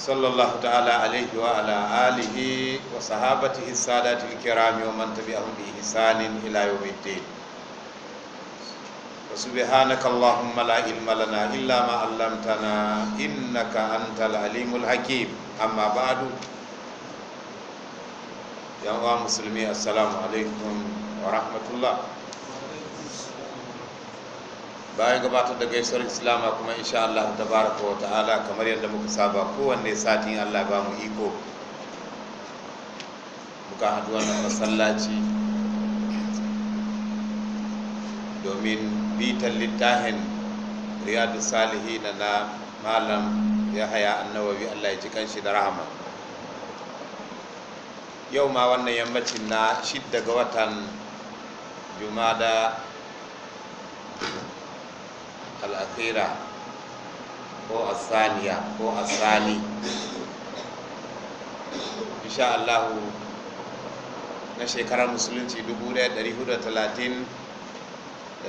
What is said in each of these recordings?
sallallahu ta'ala alaihi wa ala alihi wa sahabatihi sadati al-kiram wa man tabi'ahum bi ihsanin ila yawmiddin wa subhanaka allahumma la ilma lana illa ma innaka antal alimul hakim amma ba'du yan uwa musulmi assalamu alaikum wa rahmatullah bayan gabatar da gaisuwar islama kuma insha Allah tabaraka wa ta'ala kamar yadda muka saba kowanne satin Allah ba mu iko muka haɗu wannan masallaci domin bitan littafin riyadu salihi da na malam ya haya annawawi Allah ya ji kanshi da rahama yau ma wannan yammacin na shidda ga watan da. al'akhira ko asaniya ko asani insha Allahu na shekarar musulunci 1439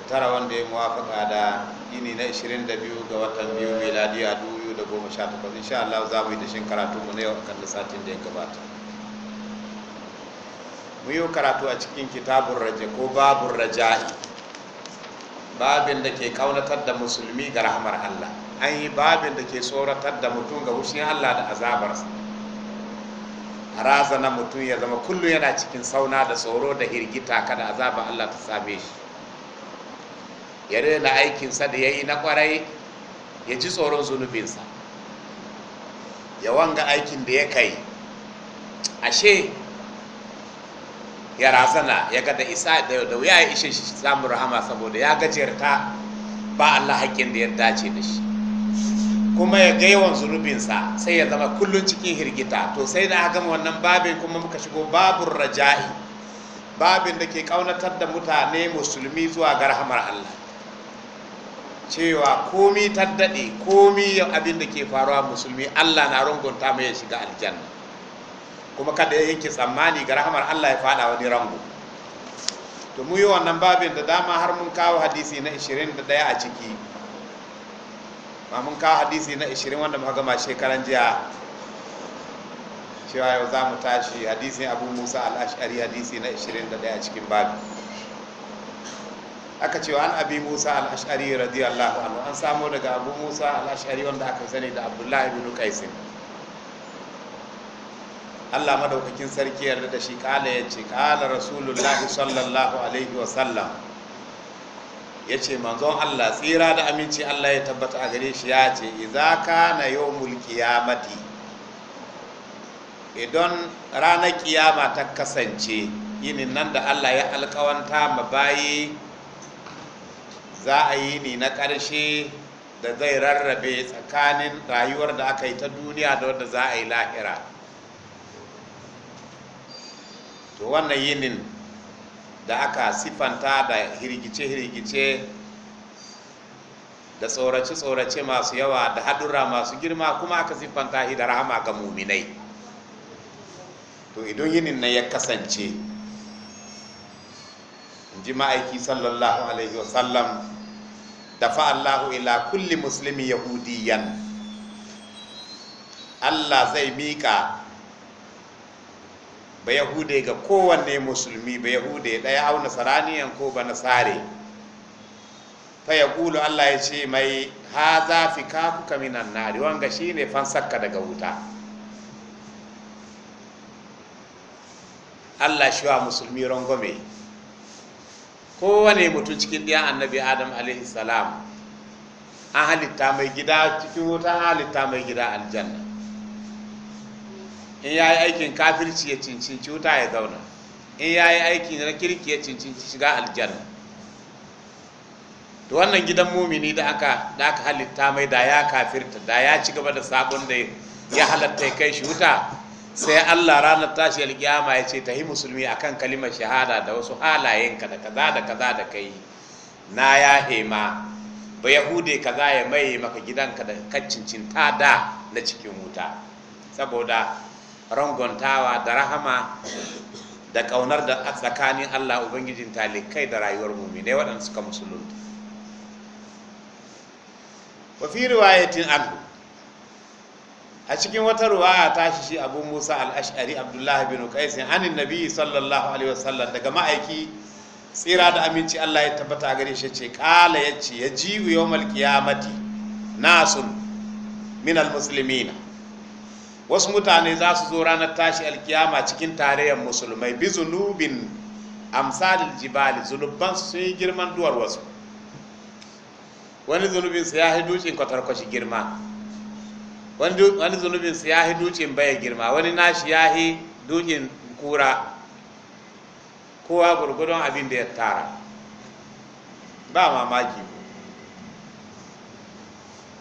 wanda ya muwafaka da yini na 22 ga watan biyu miladiya 2018 insha allahu za mu yi dashin karatu mu na yau a da satin da ya gabata mu yi karatu a cikin kitabun raja ko babun raja'i babin da ke kaunatar da musulmi ga rahmar Allah an yi babin da ke tsoratar da mutum ga wushin Allah da azabarsa razana mutum ya zama kullum yana cikin sauna da tsoro da hirgita kada azaba Allah ta same shi ya rena aikinsa da ya yi na kwarai ya ji tsoron zunubinsa ya wanga aikin da ya kai ashe ya razana ya ga da isa da wuya ya ishe shi samun rahama saboda ya gajiyarta ba Allah haƙƙin da ya dace da shi kuma ya ga yawan zunubinsa sai ya zama kullum cikin hirgita to sai da gama wannan babin kuma muka shigo babun raja'i babin da ke ƙaunatar da mutane musulmi zuwa ga rahamar Allah cewa komi ta daɗe komi abin da ke faruwa musulmi Allah na rungunta mai ya shiga aljanna kuma kada ya yanke tsammani ga rahamar Allah ya fada wani rango to mu yi wannan babin da dama har mun kawo hadisi na 21 a ciki ma mun kawo hadisi na 20 wanda muka gama shekaran jiya cewa yau za mu tashi hadisin abu musa al-ash'ari hadisi na 21 a cikin babin aka cewa an abi musa al-ash'ari radiyallahu anhu an samo daga abu musa al-ash'ari wanda aka sani da abdullahi ibn qaisin Allah madaukakin sarki yarda da shi kala ya ce kala rasulullahi sallallahu alaihi wa sallam ya ce manzon Allah tsira da aminci Allah ya tabbata a gare shi ya ce yau kana yawmul qiyamati idan ranar kiyama ta kasance yini nan da Allah ya alkawanta ma bayi za a yi ni na ƙarshe da zai rarrabe tsakanin rayuwar da aka yi ta duniya da wadda za a yi lahira to wannan yinin da aka sifanta da hirgice-hirgice da tsorace-tsorace masu yawa da hadura masu girma kuma aka siffanta shi da rahama ga muminai to idan yinin na ya kasance in ji ma'aiki sallallahu alaihi wasallam da fa'allahu ila kulli musulmi yahudiyan allah zai miƙa ba yahude ga kowanne musulmi ba yahude ɗaya auna saraniyan ko ba nasare fa ya kulu allah ya ce mai ha za fi kafuka minan nari wanga shine fansakka daga wuta allah shi wa musulmi rangwame kowane mutum cikin ɗiyan annabi adam alaihi an halitta mai gida cikin wuta an halitta mai gida aljanna in ya yi aikin kafirci ya cincinci wuta ya zauna in ya yi aiki na kirki ya cincinci shiga aljanna to wannan gidan mumini da aka da aka halitta mai da ya kafirta da ya ci gaba da sabon da ya halatta ya kai shi wuta sai Allah ranar tashi alkiyama ya ce ta yi musulmi akan kalimar shahada da wasu halayenka da kaza da kaza da kai na ya hema ba yahude kaza ya maye maka gidanka da ta da na cikin wuta saboda rangontawa da rahama da ƙaunar da tsakanin Allah Ubangijin talikai da rayuwar muminai waɗanda suka musulunta. Wafi riwayatin anhu a cikin wata ruwaya ta shi shi abu Musa al-Ash'ari Abdullahi bin Qais anin Nabi sallallahu alaihi wasallam daga ma'aiki tsira da aminci Allah ya tabbata gare shi ce kala yace yajiu yawmal qiyamati nasun min al-muslimina wasu mutane za su zo ranar tashi alkiyama cikin tarayyar musulmai bi zunubin amsalin jibali zunuban su sun yi girman duwar wasu wani zunubin su ya yi dukin kwatarkwashi girma wani zunubin su ya yi dukin baya girma wani nashi ya yi dukin kura kowa gurgudun abin da ya tara ba mamaki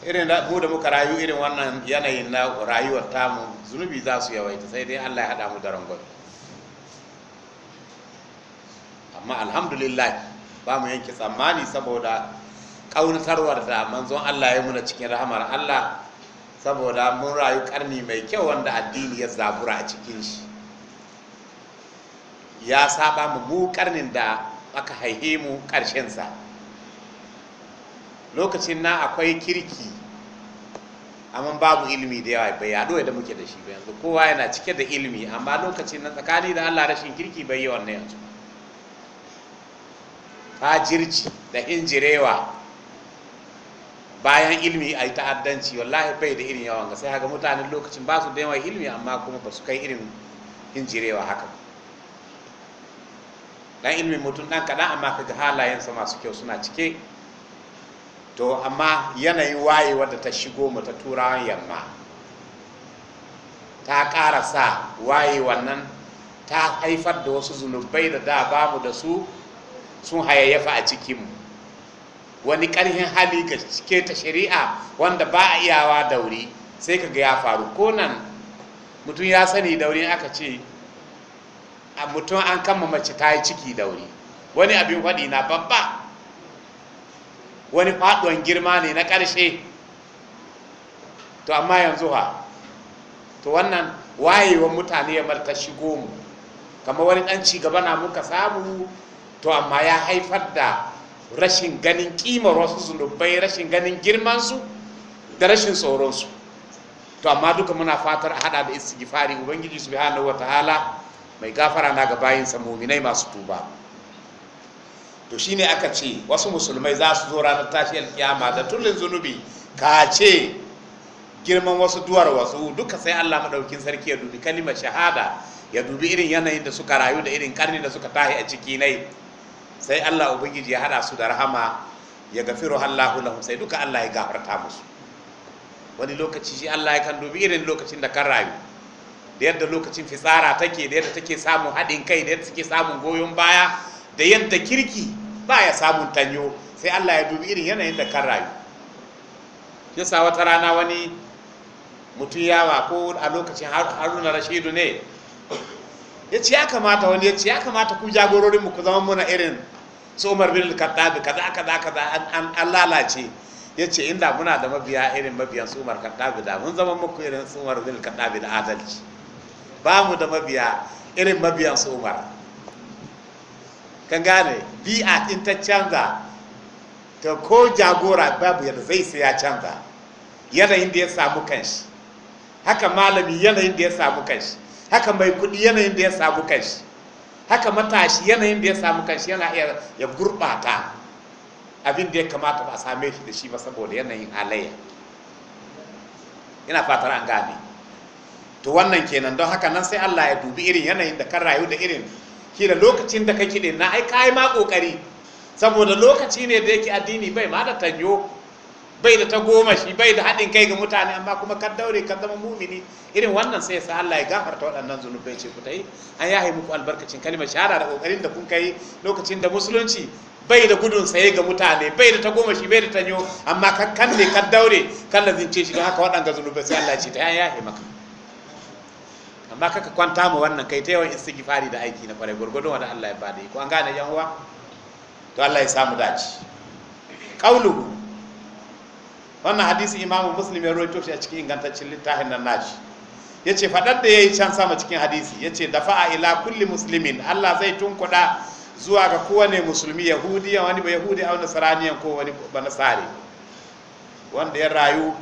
irin da mu da muka rayu irin wannan yanayin na rayuwar tamu zunubi za su yawaita sai dai Allah ya hada mu da rangon amma alhamdulillah ba mu yanke tsammani saboda ƙaunatarwar da manzon Allah ya muna cikin rahamar Allah saboda mun rayu karni mai kyau wanda addini ya zabura a cikin shi ya saba mu mu karnin da aka haihe mu sa. lokacin na akwai kirki amma babu ilimi da yawa bai yado yadda muke da shi ba yanzu kowa yana cike da ilimi amma lokacin na tsakani da Allah rashin kirki bai yi wannan yanzu jirji da injirewa bayan ilimi a yi ta'addanci wallahi bai da irin yawan sai haka mutanen lokacin ba su da yawan ilimi amma kuma ba su kai irin injirewa haka dan ilimin mutum dan kaɗan amma ga halayensa masu kyau suna cike to amma yanayin wayewa da ta shigo mu ta turawan yamma ta ƙara sa waye wannan ta haifar da wasu zunubai da da babu da su sun hayayyafa a cikinmu wani ƙarfin hali ga cike ta shari'a wanda ba a iyawa dauri sai ka ga ya faru ko nan mutum ya sani wuri aka ce a mutum an kama mace ta yi ciki dauri wani abin faɗi na babba wani faduwan girma ne na ƙarshe to amma yanzu ha to wannan wayewan mutane ya marta shigo mu kamar wani ɗan cigaba na muka samu to amma ya haifar da rashin ganin ƙimar wasu zunubai rashin ganin girmansu da rashin tsoronsu to amma duka muna fatar a hada da istighfari ubangiji subhanahu hala, mai gafara na ga bayinsa muminai masu tuba to shine aka ce wasu musulmai za su zo ranar tashiyar kiyama da tullin zunubi ka ce girman wasu duwar wasu duka sai Allah madaukin sarki ya dubi kalimar shahada ya dubi irin yanayin da suka rayu da irin karni da suka tahi a ciki nai sai Allah ubangiji ya hada su da rahama ya gafiru Allahu lahum sai duka Allah ya gafarta musu wani lokaci shi Allah ya kan dubi irin lokacin da kan rayu da yadda lokacin fitsara take da yadda take samun haɗin kai da yadda take samun goyon baya da yadda kirki baya samun tanyo sai Allah ya dubi irin yanayin da kan rayu yasa wata rana wani mutum yawa ko a lokacin haruna rashidu ne ya ce ya kamata wani ya ce ya kamata ku jagororin mu ku zama muna irin su bin al-khattab kaza kaza kaza an lalace ya ce inda muna da mabiya irin mabiyan sumar umar da mun zama muku irin sumar bin al da adalci ba mu da mabiya irin mabiyan sumar. kan gane bi'a in ta canza ta ko jagora babu yadda zai sai ya canza yanayin da ya samu kanshi haka malami yanayin da ya samu kanshi haka mai kudi yanayin da ya samu kanshi haka matashi yanayin da ya samu kanshi yana iya ya gurbata abin da ya kamata ba a same shi da shi ba saboda yanayin halayya ina fatar an gane to wannan kenan don haka nan sai Allah ya dubi irin yanayin da kan rayu da irin da lokacin da ka kiɗin na ai kai ma kokari saboda lokaci ne da yake addini bai ma da tanyo bai da tagomashi bai da haɗin kai ga mutane amma kuma ka daure kan zama mumini irin wannan sai sa Allah ya gafarta waɗannan zunubai ce ku yi an yahe muku albarkacin kalmar shahara da kokarin da kun kai lokacin da musulunci bai da gudun saye ga mutane bai da tagomashi bai da tanyo amma kan ne ka daure kallazin ce shi don haka waɗanga zunubai sai Allah ya ce ta an yahe maka ka ka kwanta mu wannan kai ta yawan istighfari da aiki na kwarai gurgudun wani Allah ya bada ko an gane yan uwa to Allah ya samu dace qaulu wannan hadisi Imam Muslim ya rawaito shi a cikin ingantaccen littafin nan nashi yace fadar da yayi can sama cikin hadisi yace dafa'a ila kulli muslimin Allah zai tunkuda zuwa ga kowane musulmi yahudi wani ba yahudi a wani sarani ko wani ba nasari wanda ya rayu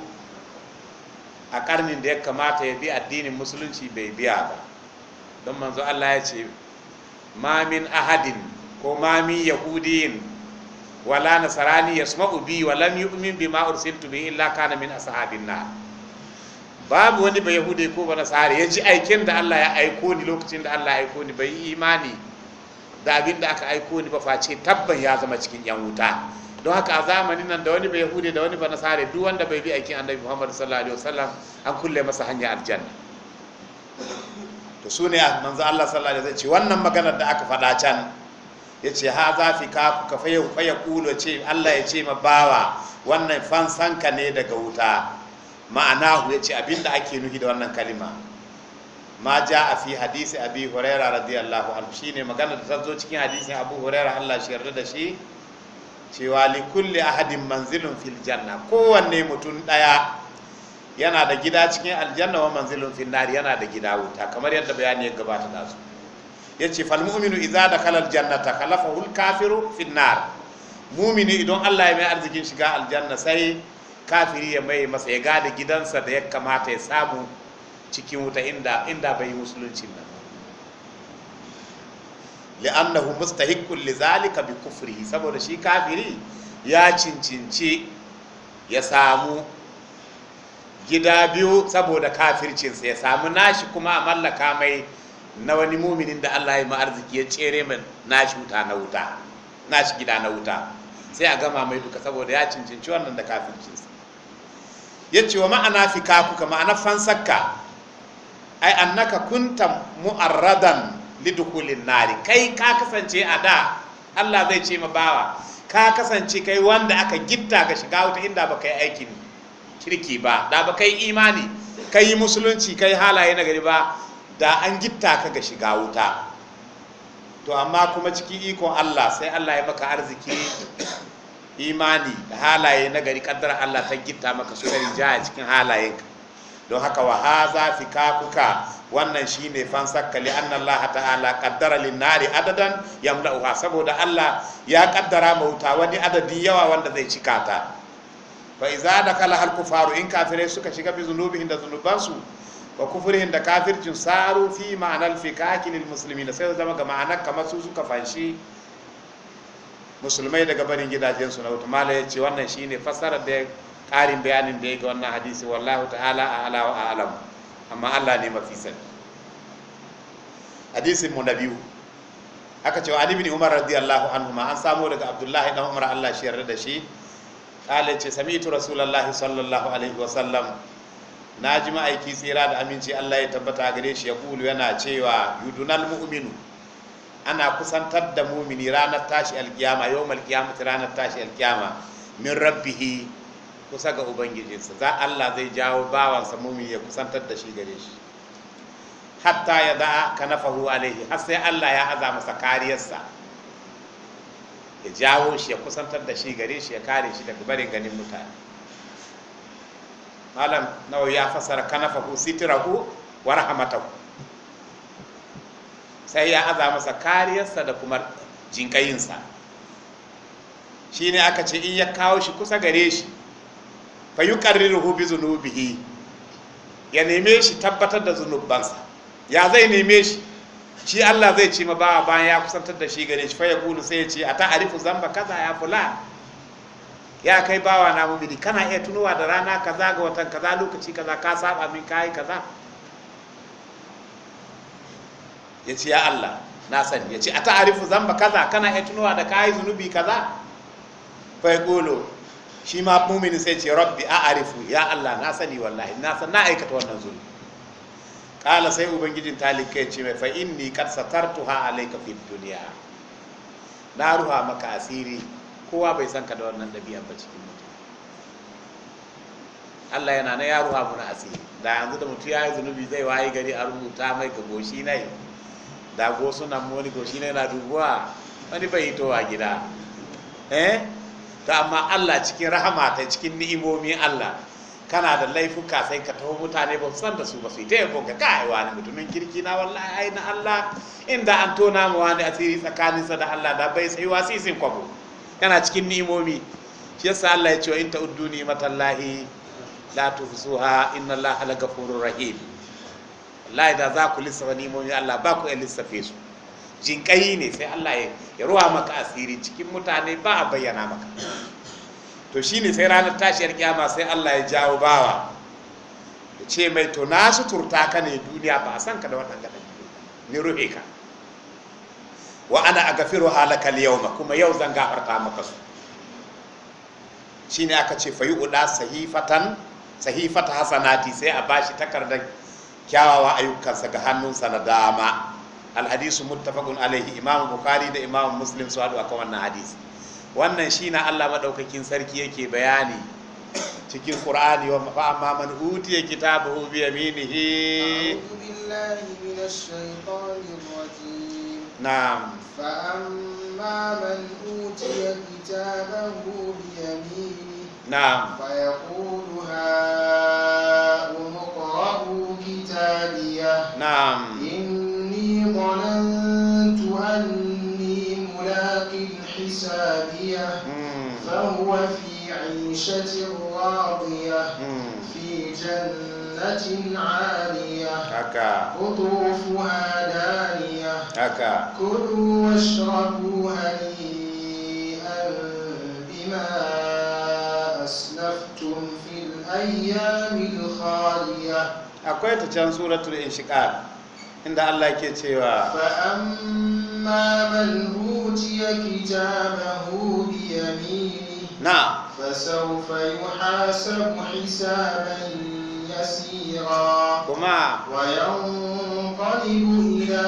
a karnin da ya kamata ya bi addinin musulunci bai biya ba don manzo Allah ya ce mamin ahadin ko mami yahudiyin wala nasarani yasma'u bi wa lam yu'min ma ursiltu bi illa kana min ashabin na. babu wani bai yahude ko ba nasara ya ji aikin da Allah ya aiko ni lokacin da Allah ya aiko ni bai imani da abin da aka aiko ni ba face tabban ya zama cikin yan wuta don haka a zamanin nan da wani bai hude da wani ba nasare duk wanda bai bi aikin annabi muhammadu sallallahu alaihi wasallam an kulle masa hanya aljanna to su ne manzo allah sallallahu alaihi wasallam ce wannan maganar da aka faɗa can ya ce ha za fi kaku ka faye faye kulo ce allah ya ce ma bawa wannan fansanka ne daga wuta hu ya ce abinda ake nuhi da wannan kalima ma ja a fi hadisi abi huraira radiyallahu anhu shine magana da ta zo cikin hadisin abu huraira allah shi yarda da shi cewa li kulli ahadin manzilun fil janna kowanne mutum daya yana da gida cikin aljanna wa manzilun fil nar yana da gida wuta kamar yadda bayani ya gabata da su yace fal mu'minu idza dakhala al jannata khalafahu al kafiru fil nar mu'mini idan Allah ya mai arzikin shiga aljanna sai kafiri ya mai masa ya gada gidansa da ya kamata ya samu cikin wuta inda inda bai musulunci nan li'annahu mustahiqqun zalika bi kufrihi saboda shi kafiri ya cincinci ya samu gida biyu saboda kafircinsa ya samu nashi kuma a mallaka mai na wani muminin da Allah ya ma arziki ya cere mai nashi wuta na wuta nashi gida na wuta sai a gama mai duka saboda ya cincinci wannan da kafircinsa ya ce wa ma'ana fi kuka ma'ana fansakka ai annaka kunta mu'arradan lidukulin nari kai ka kasance a da Allah zai ce ma bawa ka kasance kai wanda aka gitta ga shiga wuta inda ba kai aikin kirki ba da ba kai imani kai musulunci kai halaye na gari ba da an gitta ka ga shiga wuta to amma kuma cikin ikon Allah sai Allah ya maka arziki imani da halaye na gari kaddara Allah ta gitta maka su gari jaya cikin halayenka don haka wa fi kafuka wannan shine fansakka li annan Allah ta'ala kaddara linnari nari adadan uha saboda Allah ya kaddara mauta wani adadi yawa wanda zai cika ta fa idza dakala hal kufaru in kafirai suka shiga bi zunubihin da zunubansu wa kufurin da kafircin saru fi ma'anal fikaki lil muslimin sai zama ga ma'anar kamar su suka fanshi musulmai daga barin gidajensu na wuta mala yace wannan shine fasarar da ƙarin bayanin da ya ga wannan hadisi wallahu ta'ala a'ala wa a'lam amma Allah ne mafi sani hadisin mu na biyu aka ce wa Ali bin Umar radiyallahu anhu ma an samu daga Abdullahi dan Umar Allah shi yarda da shi kale ce sami'tu rasulullahi sallallahu alaihi wa sallam na ji ma'aiki tsira da aminci Allah ya tabbata gare shi ya kulu yana cewa yudunal mu'minu ana kusantar da mumini ranar tashi alkiyama yawmal qiyamati ranar tashi alkiyama min rabbihi kusa ga ubangijinsa za Allah zai jawo bawansa mumi ya kusantar da shi gare shi hatta ya da kanafahu alaihi har sai Allah ya aza masa kariyarsa ya jawo shi ya kusantar da shi gare shi ya kare shi daga barin ganin mutane malam nawa ya fasara kanafahu sitirahu wa rahmatahu sai ya aza masa kariyarsa da kuma jinkayinsa shine aka ce in ya kawo shi kusa gare shi fa yi yuqarriruhu bi dhunubihi ya neme shi tabbatar da zunubansa ya zai neme shi shi Allah zai ce ma ba bayan ya kusantar da shi gare shi fa kunu sai ya ce a ta'arifu zamba kaza ya fula ya kai bawa na mumini kana iya tunowa da rana kaza ga watan kaza lokaci kaza ka saba min kayi kaza ya ce ya Allah na sani ya ce a ta'arifu zamba kaza kana iya tunowa da kayi zunubi kaza fa yaqulu shi ma mumini sai ce rabbi a arifu ya Allah na sani wallahi na san na aikata wannan zulmi kala sai ubangijin talikai ce mai fa inni kad ha alayka fid dunya na ruha maka asiri kowa bai san ka da wannan dabi'a ba cikin mutum Allah yana na ya ruwa muna asiri da yanzu da mutum ya yi zunubi zai wayi gari a rubuta mai ga goshi nai da gosunan wani goshi nai na dubuwa wani bai a gida eh to amma Allah cikin rahama ta cikin ni'imomin Allah kana da laifuka sai ka taho mutane ba san da su ba su ta yabo ka kai wani mutumin kirki na wallahi ai na Allah inda an tona mu wani asiri tsakanin sa da Allah da bai tsayuwa sisin kwabo yana cikin ni'imomi shi yasa Allah ya ce wa in ta udduni matallahi la tufsuha inna Allah la ghafurur rahim wallahi da za ku lissafa ni'imomi Allah ba ku lissafe su jinkai ne sai Allah ya ya ruwa maka asiri cikin mutane ba a bayyana maka to shine sai ranar tashiyar kiyama sai Allah ya jawo bawa ya ce mai to na suturta ka ne duniya ba a san ka da wannan gadan ni ruhe ka wa ana agafiru halaka ma kuma yau zan gafarta maka su shine aka ce fayu uda sahifatan sahifata hasanati sai a bashi takardar kyawawa ayyukansa ga hannunsa na dama alhadisu muttafaqun alaihi imamu bukhari da imamu muslim su a akan wannan hadisi wannan shi na allah maɗaukakin sarki yake bayani cikin qur'ani wa fa amma man utiya kitabahu bi yaminihi na'am fa amma man utiya kitabahu bi yaminihi na'am fa yaqulu ha حسابية فهو في عيشة راضية في جنة عالية قطوفها دانية كلوا واشربوا هنيئا بما أسلفتم في الأيام الخالية أكوية تجان سورة الإنشقاق عند الله كي تشيوا فأما من هو أوتي كتابه بيمينه نعم فسوف يحاسب حسابا يسيرا كما وينقلب إلى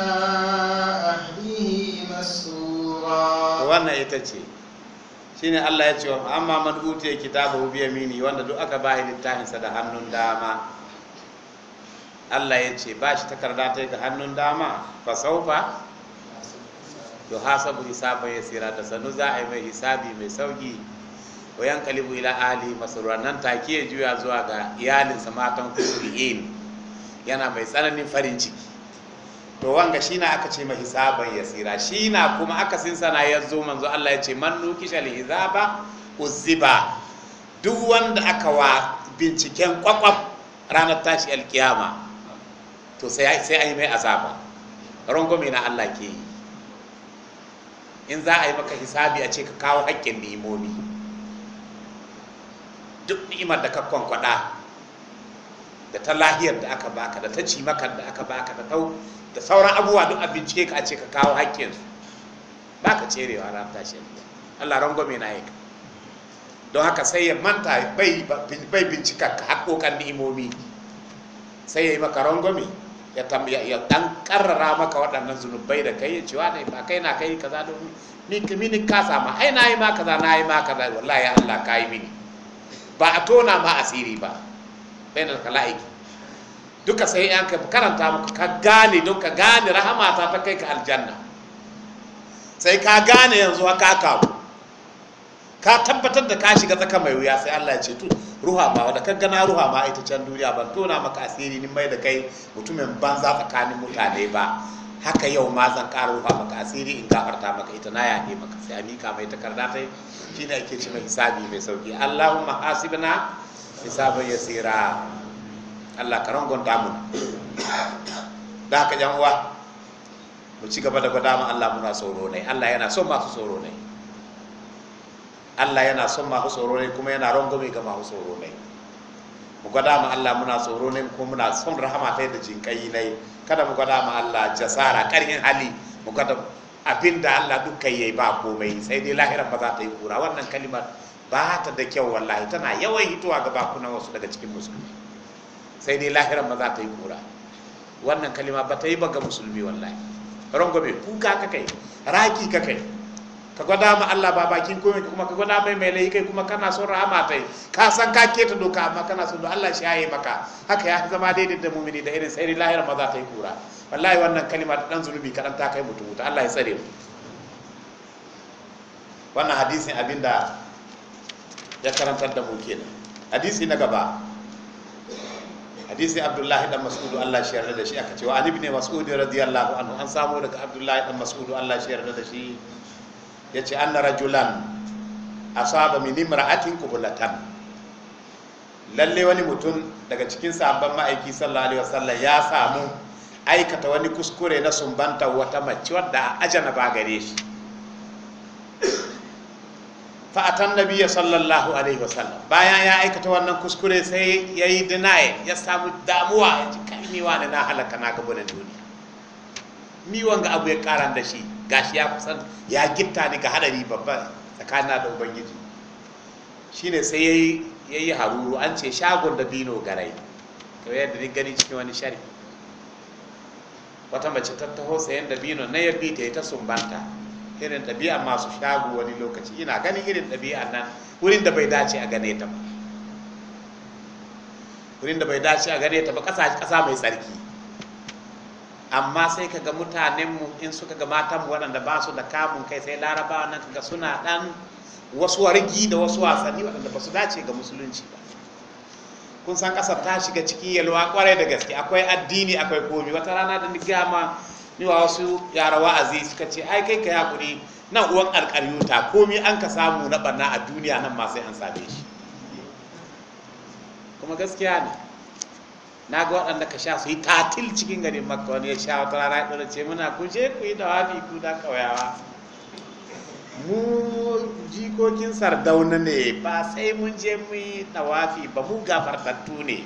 أهله مسرورا وانا يتجي shine Allah ya ce wa amma man utiya kitabahu bi amini wanda duk aka bashi da hannun dama Allah ya ce bashi takarda ta ga hannun dama fa saufa hasabu hisaban yasira da sanu za a yi mai hisabi mai sauki wa yankalibu ila Ali masrura nan take ya juya zuwa ga iyalinsa matan kuri'in yana mai tsananin farin ciki to wanga shi aka ce ma hisaban yasira shi na kuma aka sin sana ya manzo Allah ya ce man nukisha li hisaba uziba duk wanda aka wa binciken kwakwaf ranar tashi alkiyama to sai sai ai mai azaba mai na Allah ke yi in za a yi maka hisabi a ce ka kawo haƙƙin ni'imomi duk ni'imar da ka kwankwada da ta lahiyar da aka baka da ta cimakar da aka baka da tau da sauran abubuwa duk ce ka a ce ka kawo su ba ka cerewa ran tashi Allah rangwame na yi don haka sai ya manta bai bincika ka haƙoƙan ni'imomi sai ya yi maka rangwame ya tambaya ya dan karrara maka waɗannan zunubai da kai cewa ne ba kai na kai kaza da ni mini ka sama ai nayi ma kaza nayi ma kaza wallahi Allah kai mini ba a tona ma asiri ba bainal kalaiki duka sai an ka karanta muku ka gane don ka gane rahama ta ta kai ka aljanna sai ka gane yanzu haka kawo ka tabbatar da ka shiga tsaka mai wuya sai Allah ya ce to ruha ma wanda ka gana ruha ma ita can duniya ban tona maka asiri ni mai da kai mutumin banza tsakanin mutane ba haka yau ma zan ƙara ruha maka asiri in gafarta maka ita na yaɗe maka sai a mai takarda ta shi ne ake cewa hisabi mai sauki Allahumma hasibna hisaban yasira Allah ka rangonta mu da haka yan uwa mu ci gaba da gwada mu Allah muna tsoro ne Allah yana son masu tsoro ne Allah yana son masu tsoro ne kuma yana rangwame ga masu tsoro ne mu gwada ma Allah muna tsoro ne kuma muna son rahama ta da jinƙayi ne kada mu gwada ma Allah jasara karin hali mu gwada da Allah duka yi ba komai sai dai lahiran ba za ta yi kura wannan kalimar ba ta da kyau wallahi tana yawan hitowa ga bakunan wasu daga cikin musulmi sai dai lahiran ba za ta yi kura wannan kalima ba ta yi ba ga musulmi wallahi rangwame kuka kakai raki kakai ka gwada ma Allah ba bakin komai kuma ka gwada mai mai kai kuma kana son rahama ta yi ka san ka keta doka amma kana son Allah shi yayi maka haka ya zama daidai da mumini da irin sai lahira maza za ta yi kura wallahi wannan kalima da dan zulubi kadan ta kai mutum ta Allah ya tsare mu wannan hadisin abinda ya karantar da mu kenan hadisi na gaba hadisi abdullahi dan mas'ud Allah shi yarda da shi aka cewa ali ibn mas'ud radiyallahu anhu an samu daga abdullahi dan mas'ud Allah shi yarda da shi ya ce an rajulan asaba min imra'atin kubulatan lalle wani mutum daga cikin sabon ma'aiki sallallahu alaihi wasallam ya samu aikata wani kuskure na sumbanta wata mace wadda a ajana ba gare shi fa'atan nabiya sallallahu alaihi wasallam bayan ya aikata wannan kuskure sai ya yi dinaye ya samu damuwa ya ji kai miwa na halaka na gaba da duniya ni wanga abu ya karan da shi gashi ya kusan ya gitta ni ga hadari babba tsakanin da ubangiji shine sai yayi yayi haruru an ce shagon da dino garai kamar yadda ni gani cikin wani shari wata mace ta taho sayan da dino na yabi ta ta sumbanta irin ɗabi'a masu shago wani lokaci ina ganin irin ɗabi'a nan wurin da bai dace a gane ta ba wurin da bai dace a gane ta ba ƙasa mai tsarki amma sai kaga mutanenmu in suka ga matanmu waɗanda ba su da kamun kai sai larabawa nan kaga suna ɗan wasu wargi da wasu wasanni waɗanda ba su dace ga musulunci ba kun san ƙasar ta shiga ciki yalwa ƙwarai da gaske akwai addini akwai komi wata rana da ni gama ni wa wasu yara wa'azi suka ce ai kai ka yakuri nan uwan alƙaryuta komi an ka samu na barna a duniya nan ma sai an same shi kuma gaskiya ne na ga waɗanda ka sha su yi tatil cikin garin makka wani ya sha wata rana ya ɗora ce muna ku je ku yi wafi ku da ƙauyawa mu jikokin sardauna ne ba sai mun je mu yi wafi ba mu gafartattu ne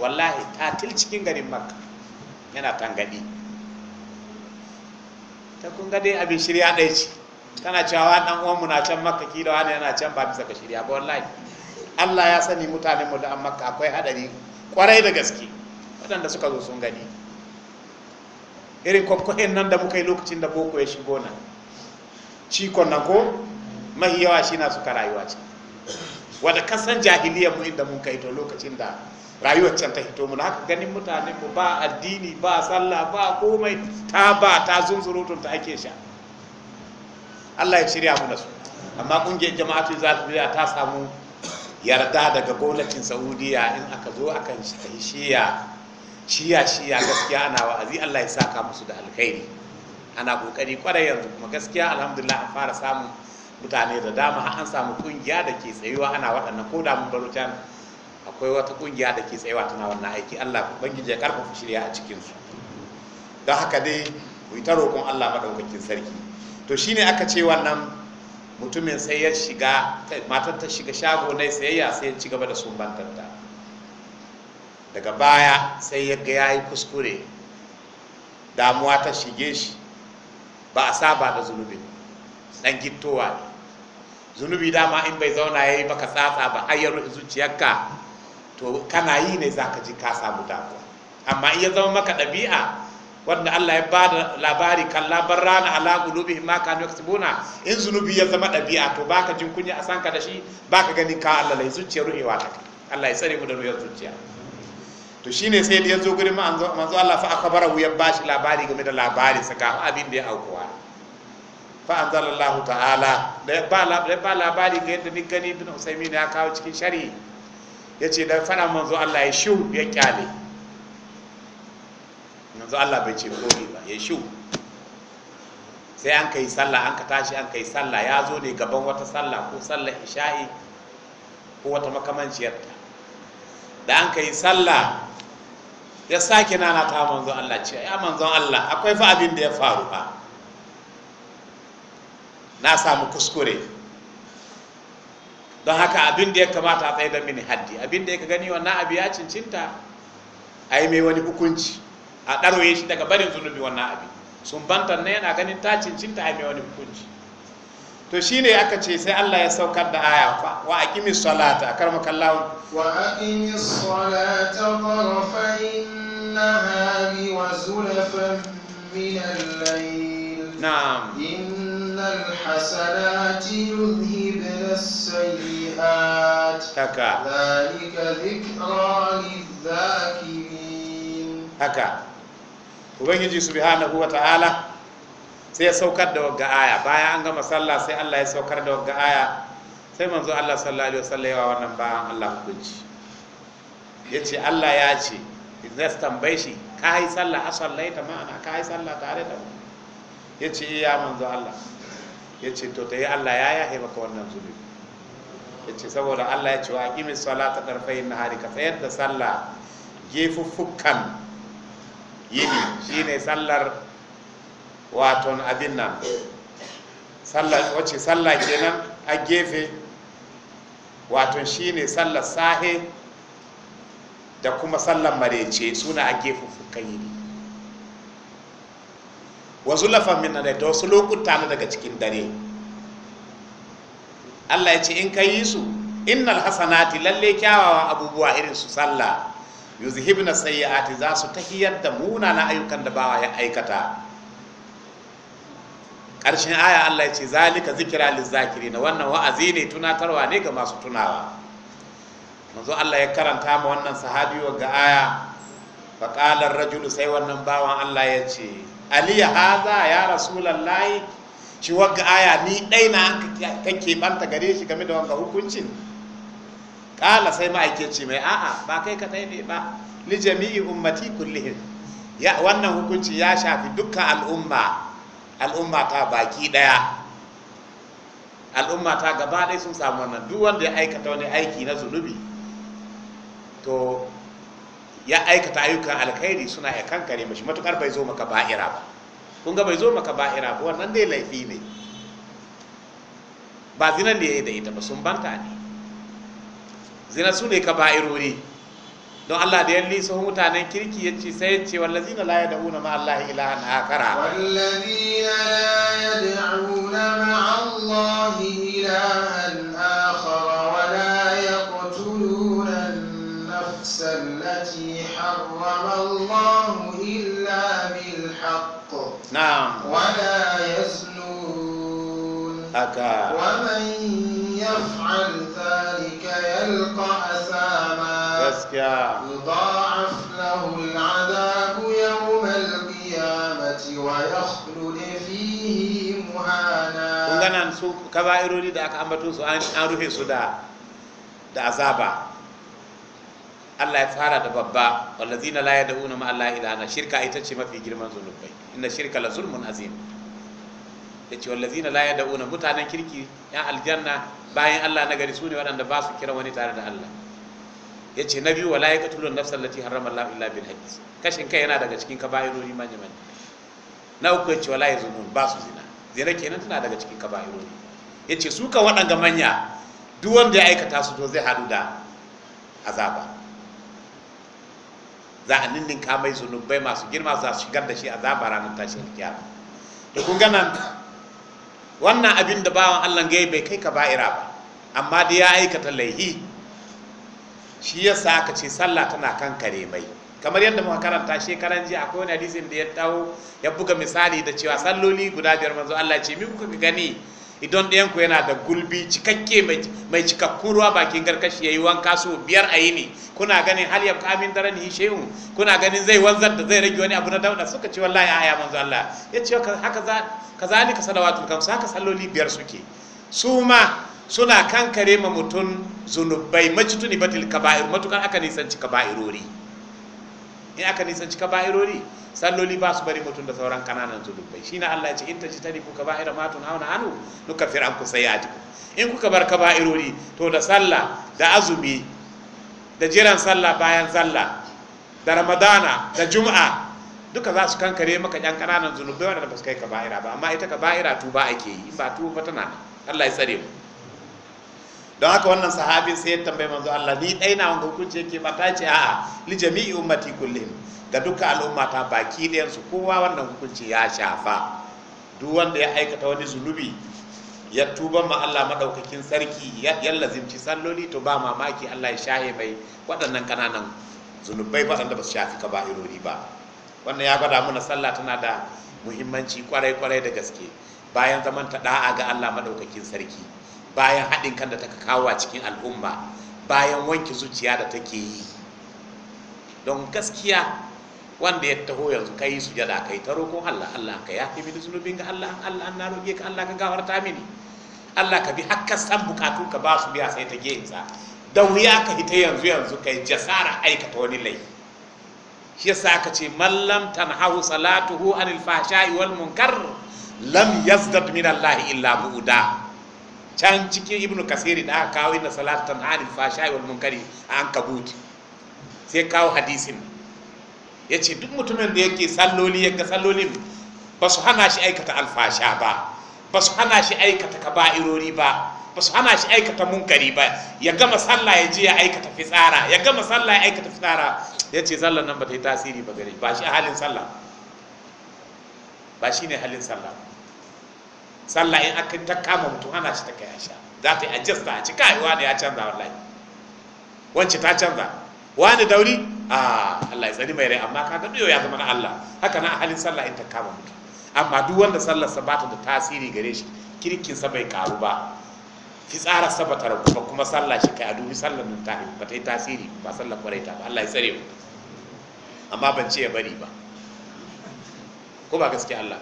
wallahi tatil cikin garin makka yana tangadi ta kun ga dai abin shirya ɗaya ce kana cewa ɗan uwanmu na can makka kila wani yana can ba bisa ka shirya ba wallahi Allah ya sani mutanenmu da an makka akwai haɗari kwarai da gaske waɗanda suka zo sun gani irin kwakwaen nan da muka yi lokacin da boko ya shigo nan cikon nan ko mahi yawa shi na suka rayuwa ce wadda kasan jahiliya mu inda mun kai to lokacin da rayuwar can ta hito mun haka ganin mutane mu ba addini ba sallah ba komai ta ba ta zunzurutun ta ake sha Allah ya shirya mu da su amma kungiyar jama'atu za ta samu yarda daga gwamnatin saudiya in aka zo akan shiya shiya shiya gaskiya ana wa'azi allah ya saka musu da alkhairi ana kokari kwarai yanzu kuma gaskiya alhamdulillah an fara samun mutane da dama an samu kungiya da ke tsayuwa ana waɗannan ko da mun baro can akwai wata kungiya da ke tsayuwa tana wannan aiki allah ubangiji ya karfafa shirya a cikin su don haka dai ku yi ta roƙon allah maɗaukakin sarki to shine aka ce wannan mutumin sai ya shiga matar ta shiga shago na sayayya sai ya ci gaba da sumbantarta daga baya sai ya ga yayi kuskure damuwa ta shige shi ba a saba da zunubi dan gittowa ne zunubi dama in bai zauna yayi baka tsatsa ba har ya rufe zuciyarka to kana yi ne zaka ji ka samu damuwa amma in ya zama maka ɗabi'a wanda Allah ya ba da labari labar rana ala gulubi ma ne yaksubuna in zunubi ya zama dabi'a to baka jin kunya a sanka da shi baka gani ka Allah lai zuciya ruhewa ta Allah ya tsare mu da ruhiyar zuciya to shine sai da yazo gurin manzo manzo Allah fa akhbarahu ya bashi labari game da labari saka abin da ya aukuwa fa anzalallahu ta'ala da ba labari ga yadda ni gani usaymin ya kawo cikin shari'i yace da fara manzo Allah ya shu ya kyale yanzu Allah bai ce komai ba ya shu sai an kai sallah an ka tashi an kai sallah ya zo ne gaban wata sallah ko sallah isha'i ko wata makamanciyarta da an kai sallah ya sake nana ta manzon Allah ce ya manzon Allah akwai fa abin da ya faru ba na samu kuskure don haka abin da ya kamata a tsaye da mini haddi abin da ya ka gani wannan abu ya cincinta a yi mai wani hukunci a ɗarwaye shi daga barin zunubi wannan abin sun bantan na yana ganin ta cincinta a mai wani hukunci to shine aka ce sai Allah ya saukar da aya wa aqimi salata mu kallahu wa aqimi salata tarafay nahari wa zulfan min al-layl na'am innal hasanati yudhhibna as-sayyi'at taka dhalika dhikra lidh-dhakirin haka ubangiji subhanahu ta'ala sai ya saukar da wagga aya bayan an gama sallah sai Allah ya saukar da wagga aya sai manzo Allah sallallahu alaihi wasallam ya wannan bayan Allah hukunci yace Allah ya ce idan tambaye shi ka yi sallah a sallai ta ma'ana ka yi sallah tare da yace iya eh, manzo Allah yace to tayi Allah ya yahe maka wannan zunubi yace saboda Allah ya ce wa aqimis salata tarfayin nahari ka tsayar da sallah gefuffukan yini shine sallar waton abin nan sallar wacce sallah kenan a gefe waton shine sallar sahe da kuma sallar marece suna a gefe fukan yini wasu lafan min da wasu lokuta na daga cikin dare Allah ya ce in ka yi su innal hasanati lalle kyawawan abubuwa irin su sallah yuzhibna sayyi'ati za su tahiyar da na ayyukan da bawa ya aikata ƙarshen aya Allah ya ce zalika zikira lizakirin wannan wa'azi ne tunatarwa ne ga masu tunawa manzo Allah ya karanta ma wannan sahabi ga aya fa qala ar-rajul sai wannan bawan Allah ya ce ali hadha ya rasulullahi ci ga aya ni dai na kake banta gare shi game da wannan hukuncin ƙala sai ma'aikaci mai a'a ba kai kaɗai ne ba li jami'i ummati kullihim ya wannan hukunci ya shafi dukkan al'umma al'umma ta baki ɗaya al'umma ta gaba ɗaya sun samu wannan duk wanda ya aikata wani aiki na zunubi to ya aikata ayyukan alkhairi suna ya kankare mashi matukar bai zo maka ba'ira ba kun ga bai zo maka ba'ira ba wannan dai laifi ne ba zinan da ya yi da ita ba sun banta ne zina su ne kaba'irori don Allah da yalli sun mutanen kirki ya ce sai ce wallazina la yad'una ma Allah ilahan akara wallazina la yad'una ma Allah ilahan akhara wa la yaqtuluna an-nafs allati harrama Allah illa bil haqq na'am wa la haka gaskiya kunganan su kaba'irori da aka ambato su an rufe su da azaba Allah ya fara da babba wallazina la yad'una ma Allah ilaha shirka ita ce mafi girman zulubai inna shirka la zulmun azim da ce wallazina la una mutanen kirki yan aljanna bayan Allah na gari sune waɗanda ba su kira wani tare da Allah ya ce na biyu wala yaqtulun nafsa lati harrama Allah illa bil haqq kashin kai yana daga cikin kaba'irori manya manya na uku ya ce wala yazunun ba su zina zina kenan tana daga cikin kaba'irori ya ce su kan waɗanga manya duk wanda ya aikata su to zai haɗu da azaba za a ninninka kamai zunubai masu girma za su shigar da shi azaba ranar tashin kiyama da kun gana wannan abin da bawan Allah gai bai kai ka ba'ira ba amma da ya aikata laihi shi ya sa ka ce sallah tana kan kare mai kamar yadda muka karanta shekaran jiya akwai wani hadisin da ya dawo ya buga misali da cewa salloli guda biyar manzo Allah ce mi kuka gani idan ɗayan ku yana da gulbi cikakke mai cikakkun ruwa bakin garkashi yi wanka su biyar a yini kuna ganin hal ya kamin daren hishayun kuna ganin zai wanzar da zai rage wani abu na dauda suka ce wallahi aya manzo Allah ya ce haka za kazalika salawatul haka salloli biyar suke su ma suna kankare ma mutum zunubai majtuni batil kaba'ir matukar aka nisanci ba'irori in aka nisanci ba'irori salloli ba su bari mutum da sauran kananan zunubai shine Allah ya ce in tajtani ku kaba'ira ma tunhauna anhu nukaffir anku sayi'atikum in kuka bar ka kaba'irori to da sallah da azumi da jiran sallah bayan sallah da ramadana da juma'a duka za su kankare maka yan kananan zunubai wanda ba su kai ka ba'ira ba amma ita ka kaba'ira tuba ake yi in ba tuba tana Allah ya tsare mu don haka wannan sahabin sai ya tambaye manzo Allah ni dai na wanga hukunci yake ba ta ce a'a li jami'i ummati kullin ga duka al'umma ta baki ɗayan su kowa wannan hukunci ya shafa duk wanda ya aikata wani zunubi ya tuba ma Allah madaukakin sarki ya lazimci salloli to ba mamaki Allah ya shahe mai waɗannan kananan zunubai waɗanda ba su shafi kaba'irori ba wannan ya gwada mana sallah tana da muhimmanci kwarai kwarai da gaske bayan zaman ta da'a ga Allah madaukakin sarki bayan haɗin kan da ta kawo a cikin al'umma bayan wanke zuciya da take yi don gaskiya wanda ya taho yanzu ka yi sujada ka yi, ta kun Allah Allah ka ya fi mini zunubin ga Allah Allah na roƙe ka Allah ka gafarta mini Allah ka bi hakka san bukatu ka ba su biya sai ta gensa da wuya ka hita yanzu yanzu ka yi jasara aikata wani laifi shi yasa aka ce mallam tanhahu salatuhu anil fahsha'i wal munkar lam yazdad min Allah illa bu'da can cikin ibnu kasiri da aka kawo na salatan anil fashai wal munkari an kabuti sai kawo hadisin ya ce duk mutumin da yake salloli ya ga sallolin ba su hana shi aikata alfasha ba ba su hana shi aikata kaba'irori ba ba su hana shi aikata munkari ba ya gama sallah ya je ya aikata fitsara ya gama sallah ya aikata fitsara ya ce sallar nan ba ta yi tasiri ba gare ba shi halin sallah ba shi ne halin sallah sallah in aka ta kama mutum ana shi ta kai sha za ta yi adjust a ci kai wani ya canza wallahi wance ta canza wani dauri a Allah ya tsari mai rai amma kaga biyo ya zama na Allah haka na halin sallah in ta kama mutum amma duk wanda sallar sa bata da tasiri gare shi kirkin sa bai karu ba tsara sa bata rabu ba kuma sallah shi kai a dubi sallar nan ta ba ta yi tasiri ba sallar kwarai ta ba Allah ya tsare amma ban ce ya bari ba ko ba gaskiya Allah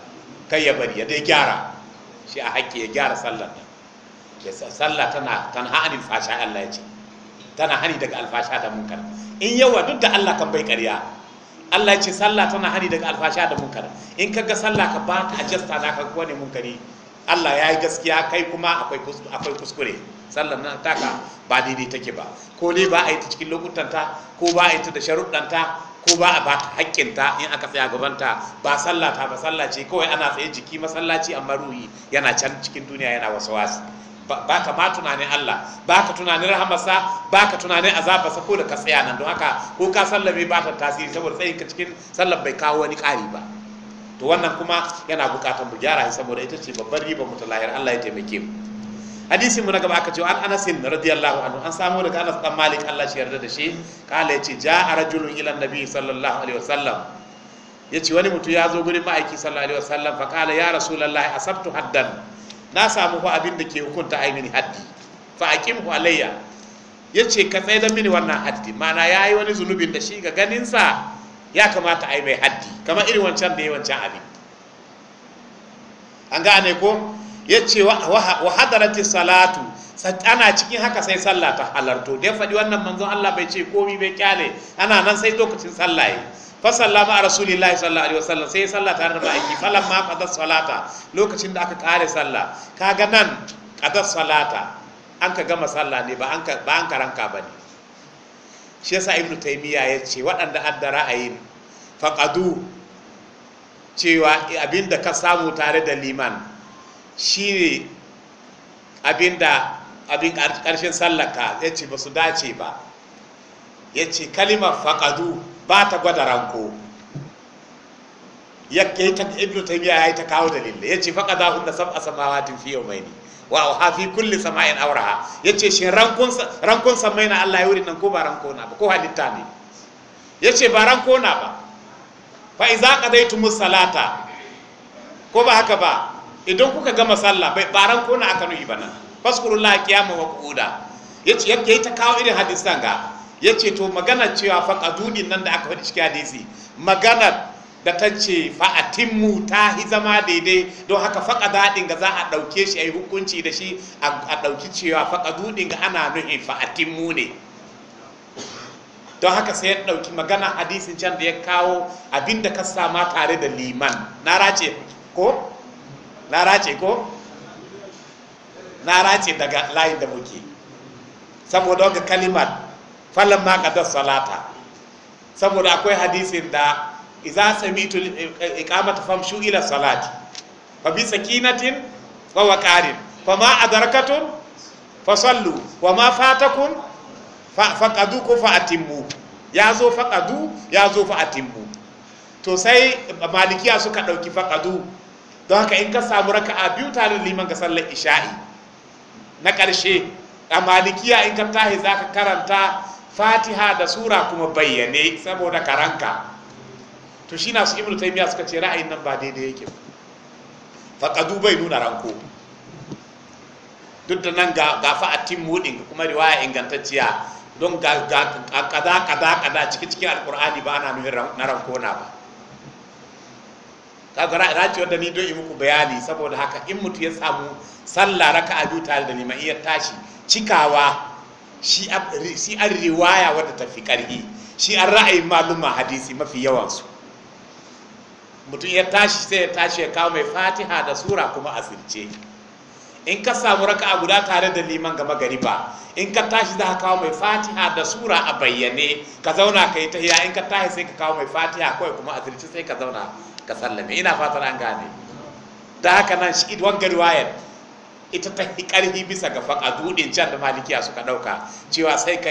kai ya bari ya dai gyara shi a haƙƙi ya gyara sallar nan sallah tana tana hanin fasha Allah ya ce tana hani daga alfasha da munkar in yawa duk da Allah kan bai ƙarya Allah ya ce sallah tana hani daga alfasha da munkar in kaga sallah ka ba ta ajasta na ka kowane munkari Allah ya yi gaskiya kai kuma akwai akwai kuskure sallar na taka ba daidai take ba ko ne ba a yi ta cikin lokutanta ko ba a yi ta da sharuɗanta ko ba a bata haƙƙinta in aka tsaya gabanta ba sallah ta ba sallah ce kawai ana tsaye jiki masallaci amma ruhi yana can cikin duniya yana wasu wasu ba ka ma tunanin Allah ba ka tunanin rahamarsa ba ka tunanin azabarsa ko da ka tsaya nan don haka ko ka sallame ba ta tasiri saboda tsayinka cikin sallar bai kawo wani ƙari ba to wannan kuma yana buƙatar mu gyara saboda ita ce babbar riba mu ta lahir Allah ya taimake mu hadisi mu na gaba aka ce an anas radiyallahu anhu an samu daga anas dan malik Allah shi yarda da shi kala yace ja'a rajulun ila nabi sallallahu alaihi wasallam yace wani mutum ya zo gurin ma'aiki sallallahu alaihi wasallam fa kala ya rasulullahi asabtu haddan na samu ko abin da ke hukunta ai mini haddi fa ku alayya yace ka tsaye da mini wannan haddi mana yayi wani zunubin da shi ga ganin sa ya kamata ai mai haddi kamar irin wancan da yayi wancan abin an gane ko ya ce wa hadarati salatu ana cikin haka sai sallah ta halarto da ya faɗi wannan manzon Allah bai ce komi bai kyale ana nan sai lokacin sallah yi fa sallama a rasulillahi sallallahu alaihi wasallam sai sallah ta da aiki falan ma qada salata lokacin da aka kare sallah kaga nan qada salata an ka gama sallah ne ba an ka ba an karanka bane shi yasa ibnu taymiya ya ce waɗanda da ra'ayin faqadu cewa abinda ka samu tare da liman shi abinda abin ƙarshen sallaka ya ce ba su dace ba ya ce kalimar faƙadu ba ta gwada ranko ya ke ta ibnu taymiya ya yi ta kawo dalilai ya ce faƙada samawa tun fiye fi ne wa ha hafi kulle sama'in auraha ya ce shi rankon rankon samai na Allah ya wuri nan ko ba ranko na ba ko halitta ne ya ce ba ranko na ba fa iza tumus salata ko ba haka ba idan kuka gama sallah bai baran ko na yi nuhi bana faskurullahi qiyama wa quda yace yake ta kawo irin hadisan ga yace to magana cewa faqadudin nan da aka faɗi cikin hadisi magana da ta ce atimmu ta hi zama daidai don haka faka daɗin ga za a ɗauke shi a hukunci da shi a ɗauki cewa faƙa duɗin ga ana fa atimmu ne don haka sai ya ɗauki magana hadisin can da ya kawo abin da ka sama tare da liman na race ko na race ko na race daga layin da muke saboda wanga kalimar falon ma ka salata saboda akwai hadisin da iza samitu ikamata eh, fam shugilar salati fa bi sakinatin wa karin fa ma adarakatum fa sallu wa ma fatakum fa faqadu ku fa atimmu ya zo faqadu ya zo fa atimmu to sai malikiya suka dauki faqadu don haka in ka samu a biyu tare da liman ga sallar isha'i na ƙarshe a malikiya in ka tahi za ka karanta fatiha da sura kuma bayyane saboda karanka to shi nasu ibnu taimiya suka ce ra'ayin nan ba daidai yake ba bai nuna ranko duk da nan ga gafa a kuma riwaya ingantacciya don ga kada-kada kada cikin cikin ba ana nuna ranko na ba kaga raci wanda ni don yi muku bayani saboda haka in mutu ya samu sallah raka a biyu tare da liman iya tashi cikawa shi an riwaya wadda ta fi karhi shi an ra'ayin maluma hadisi mafi yawansu mutum ya tashi sai ya tashi ya kawo mai fatiha da sura kuma a sirce in ka samu raka a guda tare da liman gama gari ba in ka tashi za ka kawo mai fatiha da sura a bayyane ka zauna ka yi tahiya in ka tashi sai ka kawo mai fatiha kawai kuma sirce sai ka zauna ka sallame ina fatan an gane da haka nan shi wanga riwayar ita ta yi karfi bisa ga faka dudin can da malikiya suka ɗauka cewa sai ka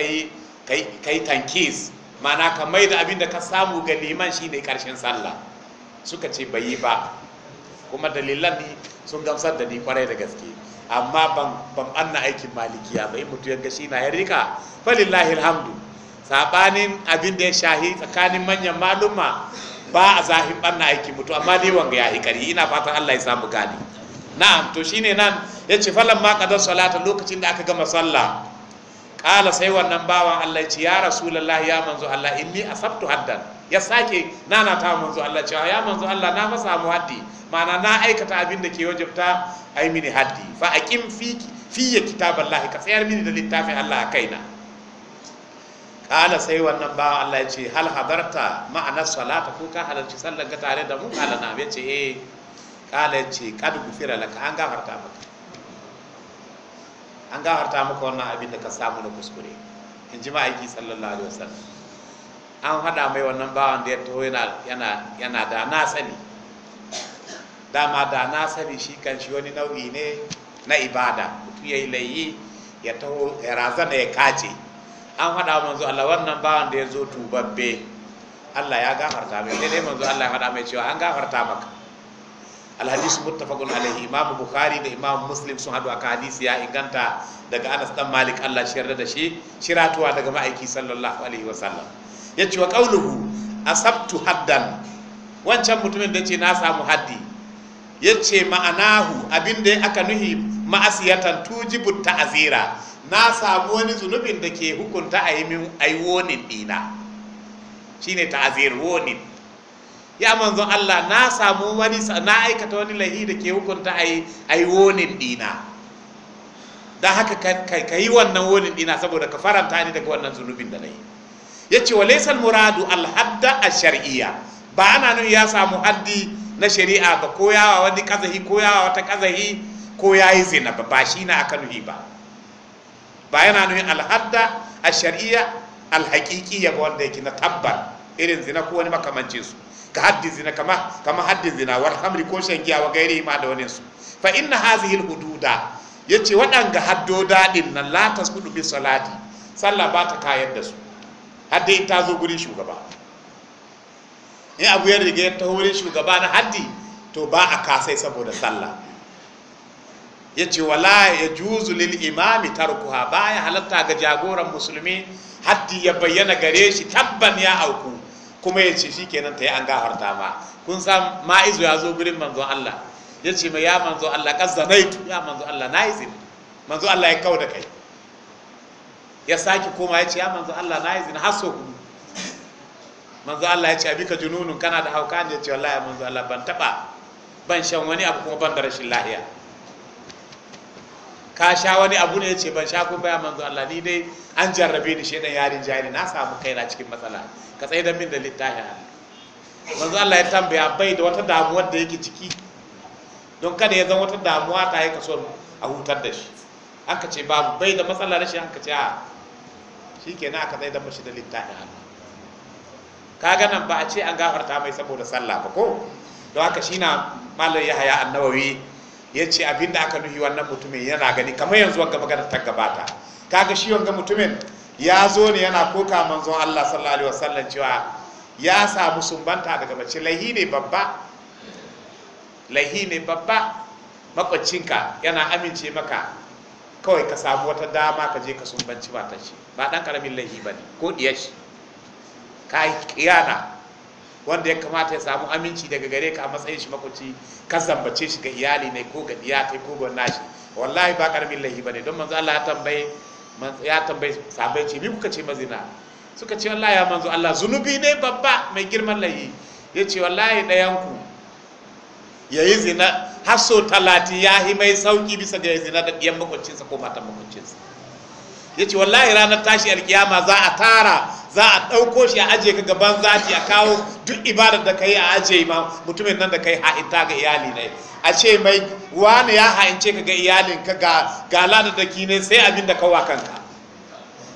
yi tankis mana ka mai da abin da ka samu ga liman shi ne karshen sallah suka ce bai yi ba kuma dalilan ni sun gamsar da ni kwarai da gaske amma ban ban anna aikin malikiya in mutu yanga shi na ya rika falillahi alhamdu sabanin abin da ya shahi tsakanin manyan maluma ba a zahin banna aiki mutu amma liwan wanga ya hikari ina fatan Allah ya samu gani na'am to shine nan yace falan ma qadar salata lokacin da aka gama sallah kala sai wannan bawan Allah ya ce ya rasulullah ya manzo Allah inni asabtu haddan ya sake nana ta manzo Allah cewa ya manzo Allah na masa haddi ma'ana na aikata abin da ke wajibta ai mini haddi fa aqim fi fiye kitaballahi ka tsayar mini da littafin Allah a kaina kala sai wannan ba Allah ya ce hal hadarta ma'ana salata ko ka halarci sallar ka tare da mu kala na ya ce eh kala ya ce kad gufira laka an gafarta maka an gafarta maka wannan abin da ka samu na kuskure in ji ma'aiki sallallahu alaihi wasallam an haɗa mai wannan bawan da ya taho yana da na sani dama da na sani shi kan shi wani nau'i ne na ibada mutum ya yi layi ya taho ya razana ya kace an haɗa manzo Allah wannan bawan da ya zo tubabbe Allah ya gafarta mai dai manzo Allah ya haɗa mai cewa an gafarta maka alhadisu muttafaqun alaihi imamu bukhari da imamu muslim sun haɗu aka hadisi ya inganta daga anas dan malik Allah shi yarda da shi shiratuwa daga ma'aiki sallallahu alaihi wasallam yace wa qawluhu asabtu haddan wancan mutumin da ce na samu haddi yace ma'anahu abinda aka nuhi ma'asiyatan tujibu ta'zira na samu wani zunubin da ke hukunta a yi min aiwonin dina ne ta wonin ya manzo Allah na samu wani na aikata wani lahi da ke hukunta a yi wonin dina don haka ka yi wannan wonin dina saboda ka faranta ni daga wannan zunubin da na yi ya ce wa laisan muradu alhadda a shari'iyya ba ana nun ya samu haddi na shari'a ba koyawa wani kazahi koyawa wata kazahi ko ya yi zina ba ba shi na aka nuhi ba ba yana nufin alhadda a shari'a alhaƙiƙi ya wanda yake na tabbar irin zina ko wani makamancin su ka haddin zina kama kama haddin zina war hamri ko shan giya wa gairi ma da wani su fa inna hazihi hududa yace waɗanga haddo dadin nan la tasbudu bi salati sallah ba ta kayar da su hadda in ta zo gurin shugaba in abu ya rige ta wurin shugaba na haddi to ba a kasai saboda sallah ya ce wala ya juzu lil imami tarkuha baya halatta ga jagoran musulmi haddi ya bayyana gare shi tabban ya auku kuma ya ce shikenan ta yi an gafarta ma kun san ma'izu ya zo gurin manzo Allah ya ce mai ya manzo Allah kazzanaitu ya manzo Allah na yi zina Allah ya kau da kai ya saki koma ya ce ya manzo Allah na yi zina ku manzo Allah ya ce abika jununun kana da hauka ne ya ce wallahi manzo Allah ban taba ban shan wani abu kuma ban da rashin lahiya ka sha wani abu ne ce ban sha kun baya manzo Allah ni dai an jarrabe ni shedan yarin jari na samu kaina cikin matsala ka tsaye da min da littafi Allah manzo Allah ya tambaya bai da wata damuwa da yake ciki don kada ya zama wata damuwa ta yi kaso a hutar da shi an ka ce babu bai da matsala rashin aka ce a shi na aka tsaye da mashi da littafi Allah ga nan ba a ce an gafarta mai saboda sallah ba ko don haka shi na malar yahaya annawawi ya ce abin da aka nuhi wannan mutumin yana gani kamar yanzu wanga magana ta gabata kaga shi wanga mutumin ya zo ne yana koka manzon Allah sallallahu alaihi wasallam cewa ya samu sumbanta daga mace lahi ne babba lahi ne babba makwacinka yana amince maka kawai ka samu wata dama ka je ka sumbanci matar shi ba dan karamin lahi bane ko diyar shi ka kiyana wanda ya kamata ya samu aminci daga gare ka a matsayin shi makuci ka zambace shi ga iyali ne ko ga diya kai ko ga nashi wallahi ba karamin lahi bane don manzo Allah ya tambaye ya tambaye sahabbai ce mi kuka ce mazina suka ce wallahi ya manzo Allah zunubi ne babba mai girman lahi ya ce wallahi ɗayanku ya yi zina har so talatin ya yi mai sauki bisa ga ya zina da ɗiyan makwabcinsa ko matan makwabcinsa ya ce wallahi ranar tashi alkiyama za a tara za a ɗauko shi a aje ka gaban zati a kawo duk ibadar da ka yi a aje ma mutumin nan da ka yi ha'inta ga iyali ne a ce mai wani ya ha'ince ka ga iyalin ka ga gala da ne sai abin da ka kanka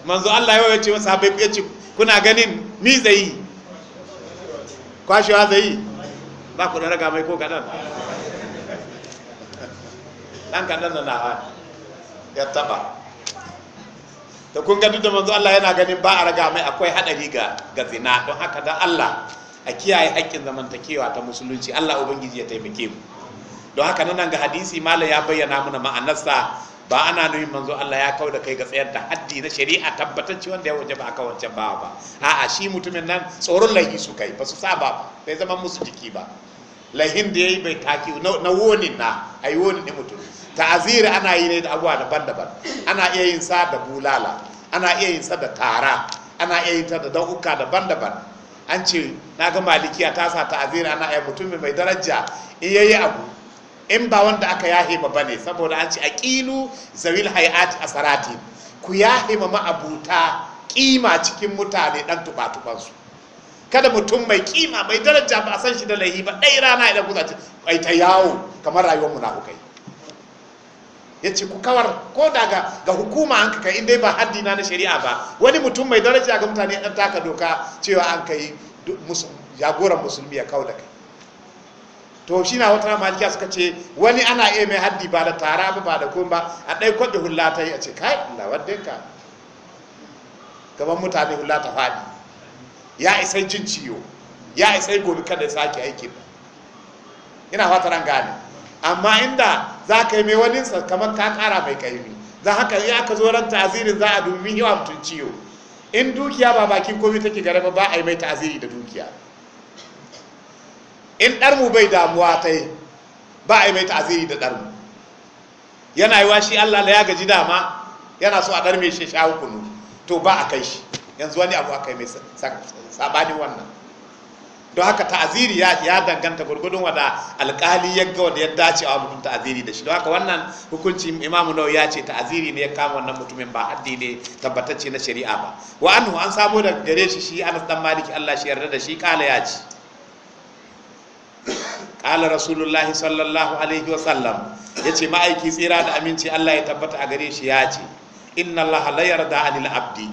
manzo Allah ya ce masa bai ya ce kuna ganin mi zai yi kwashewa zai ba ku raga mai ko kaɗan nan na ya da kun ga duk da manzo Allah yana ganin ba a raga mai akwai hadari ga ga zina don haka dan Allah a kiyaye haƙƙin zamantakewa ta musulunci Allah ubangiji ya taimake mu don haka nan ga hadisi mallam ya bayyana mana ma'anarsa ba ana nuni manzo Allah ya kawo da kai ga tsayar da haddi na shari'a tabbatacci wanda ya waje ba aka wancan ba ba a'a shi mutumin nan tsoron sukai su kai ba su saba bai zama musu jiki ba laifin da yayi bai taki na wonin na ayi wonin ne mutum ta'aziri ana yi ne da abuwa daban-daban ana iya yin sa da bulala ana iya yin sa da tara ana iya yin ta da dauka daban-daban an ce na ga malikiya ta sa ta'aziri ana iya mutum mai daraja in yayi abu in ba wanda aka yahe ba ne saboda an ce a aqilu zawil hayat sarati ku yahe ma ma'abuta kima cikin mutane dan tuba su kada mutum mai kima mai daraja ba a san shi da laifi ba ɗaya rana idan kuka ai ta yawo kamar rayuwar mu na munafukai ya ce ku kawar ko daga ga hukuma an kai inda ba haddi na shari'a ba wani mutum mai daraja ga mutane ɗan taka doka cewa an kai jagoran musulmi ya kawo da kai to shi na wata malikiya suka ce wani ana iya mai haddi ba da tara ba ba da kun a ɗai kwaɗe hula yi a ce kai Allah ka gaban mutane hula faɗi ya isai jin ciyo ya isai gobe kada ya sake aiki ina fata ran gane amma inda za ka yi mai wani kamar ka kara mai kaimi za haka in aka zo ran ta'azirin za a dubi yawa mutum ciwo in dukiya ba bakin komai take gare ba a yi mai ta'aziri da dukiya in ɗarmu bai damuwa ta yi ba a yi mai ta'aziri da ɗarmu yana yi shi allah da ya gaji dama yana so a ɗarme shi shawo to ba a kai shi yanzu wani abu aka yi mai sabanin wannan don haka ta'aziri ya danganta gurgudun wada alkali ya ga wanda ya dace a mutum ta'aziri da shi don haka wannan hukunci imamu nawawi ya ce ta'aziri ne ya kama wannan mutumin ba haddi ne tabbatacce na shari'a ba wa anhu an samo da gare shi shi Anas dan Maliki Allah shi yarda da shi kala ya ce kala rasulullahi sallallahu alaihi wa sallam ce ma'aiki tsira da aminci Allah ya tabbata a gare shi ya ce inna Allah la yarda anil abdi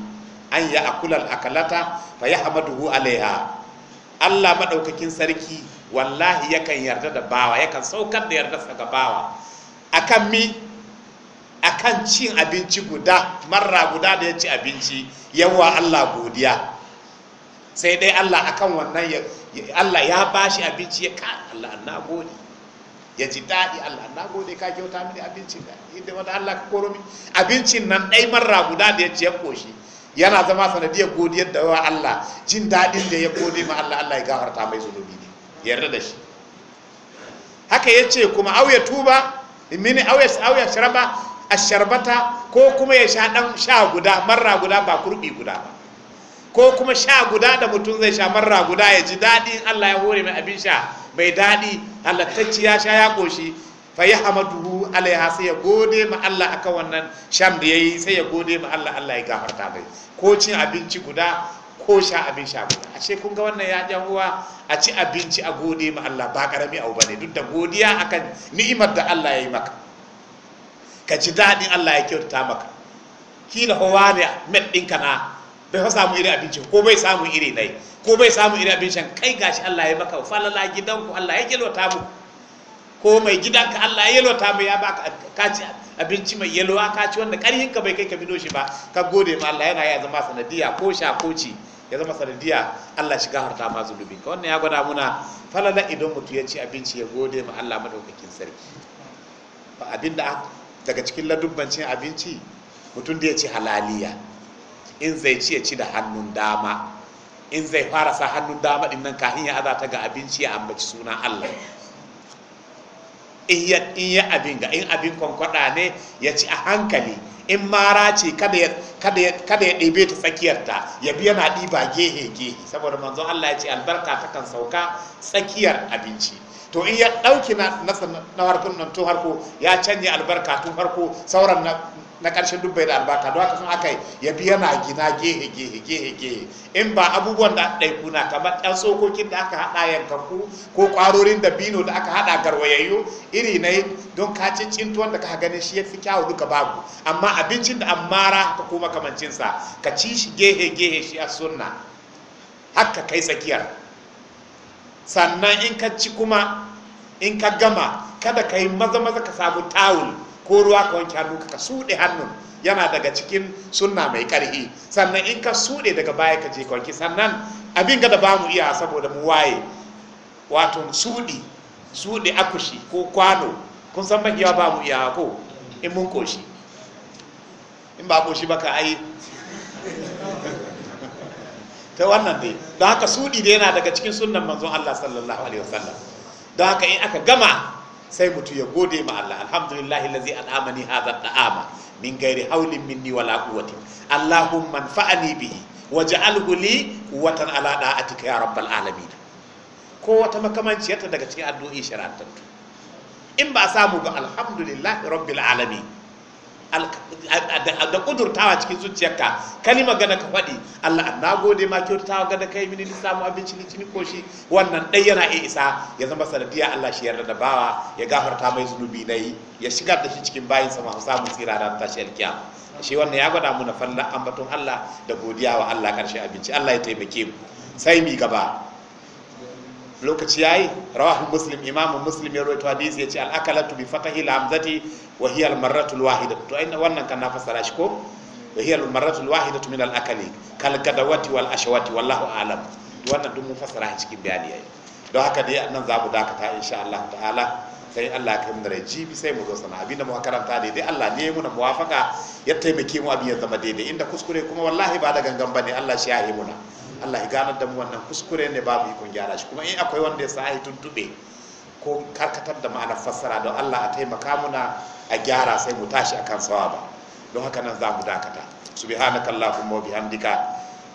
an ya akula akalata fa yahmaduhu alaiha Allah maɗaukakin sarki wallahi yakan yarda da bawa yakan saukar da yarda ga bawa akan mi akan cin abinci guda marra guda da ya ci abinci yawa Allah godiya sai dai Allah akan wannan ya Allah ya bashi abinci ya ka Allah na gode ya ji daɗi Allah na gode ka kyauta mini abincin da inda wanda Allah ka koro abincin nan ɗai marra guda da ya ci ya koshi yana zama sanadiyar godiyar da wa Allah jin daɗin da ya gode ma Allah Allah ya gafarta mai zunubi ne yarda da shi haka ya ce kuma auya tuba mini auya auya sharaba asharbata ko kuma ya sha dan sha guda marra guda ba kurbi guda ba ko kuma sha guda da mutum zai sha marra guda ya ji daɗi Allah ya hore mai abin sha mai daɗi halattacciya ya sha ya koshi. fa ya hamaduhu alaiha sai ya gode ma Allah akan wannan sham da yayi sai ya gode ma Allah Allah ya gafarta mai ko cin abinci guda ko sha abin sha guda ce kun ga wannan ya jan uwa a ci abinci a gode ma Allah ba karami abu bane duk da godiya akan ni'imar da Allah ya yi maka ka ji daɗin Allah ya kyautata maka kila hawa ne met ɗinka na bai fa samu iri abinci. ko bai samu iri nai ko bai samu iri abincin kai gashi Allah ya yi maka falala gidanku Allah ya kyautata muku ko mai gidanka Allah ya yalwata mai ya baka kaci abinci mai yalwa kaci wanda karhin ka bai kai ka bido shi ba ka gode ma Allah yana ya zama sanadiya ko sha ko ci ya zama sanadiya Allah shiga harta ma zulubin ka wannan ya gwada muna falala idan mutum ya ci abinci ya gode ma Allah madaukakin sarki ba abinda daga cikin ladubbancin abinci mutum da ya ci halaliya in zai ci ya ci da hannun dama in zai fara sa hannun dama dinnan nan kahin ya azata ga abinci ya ambaci suna Allah in ya in ya abin ga in abin kwankwada ne ya ci a hankali in mara ce kada ya kada ɗebe ta tsakiyar ta ya bi yana ɗiba gehe gehe saboda manzo Allah ya ce albarka ta kan sauka tsakiyar abinci to in ya ɗauki na na nan tun harko ya canje albarka tun harko sauran na ƙarshen duk da albarka don haka sun aka ya biya na gina gehe gehe gehe gehe in ba abubuwan da ɗaiku na kamar ɗan tsokokin da aka haɗa yankanku ko ƙwarorin da bino da aka haɗa garwayayyo iri na don ka tuwon da ka ganin shi ya fi kyawu duka babu amma abincin da an mara ka kuma kamancinsa ka ci shi gehe gehe shi a sunna haka kai tsakiyar sannan in ka ci kuma in ka gama kada ka yi maza maza ka samu tawul ko ruwa ka wanke hannu ka suɗe hannun yana daga cikin sunna mai ƙarfi sannan in ka suɗe daga baya ka je ka wanke sannan abin ga da ba mu iya saboda mu waye wato suɗi suɗe akushi ko kwano kun san mahiya ba mu iya ko in mun koshi in ba koshi ba ka ai ta wannan dai don haka suɗi dai yana daga cikin sunnan manzon Allah sallallahu alaihi wasallam don haka in aka gama sai mutu ya gode ma Allah alhamdulillahi allazi al'amani hadha da'ama min gairi haulin minni wala quwwati allahumma anfa'ani bihi waj'alhu li quwwatan ala da'atika ya rabbal alamin ko wata makamanciyarta daga cikin addu'o'i shar'antattu in ba samu ba alhamdulillahi rabbil alamin da kudurtawa cikin zuciyarka kalima gana ka faɗi Allah na gode ma ga da kai mini samu abinci ni koshi wannan ɗai yana iya isa ya zama sanadiyya Allah shi yarda da bawa ya gafarta mai zunubi na yi ya shiga da shi cikin bayin sama samun tsira da shi alkiya shi wannan ya gwada mu muna falla ambaton Allah da godiya wa Allah karshe abinci Allah ya taimake mu sai mi gaba lokaci yayi rawahu muslim imam muslim ya rawaito hadisi yace al akalatu bi fatahi al hamzati wa hiya al marratu al wahidatu to ai wannan kan na fassara shi ko wa hiya al marratu al wahidatu min al akali kal gadawati wal ashwati wallahu alam wannan duk mun fassara cikin bayani yayi don haka dai nan za mu dakata insha Allah ta'ala sai Allah ya ka mu jibi sai mu zo sana abinda mu karanta dai dai Allah ne mu na muwafaka ya taimake mu abin ya zama daidai inda kuskure kuma wallahi ba da gangan bane Allah shi ya yi muna Allah ya ganar da mu wannan kuskure ne babu ikon gyara shi kuma in akwai wanda ya sahi tuntube ko karkatar da ma'anar fassara don Allah a taimaka muna a gyara sai mu tashi akan sawaba don haka nan za mu dakata subhanaka allahumma wa bihamdika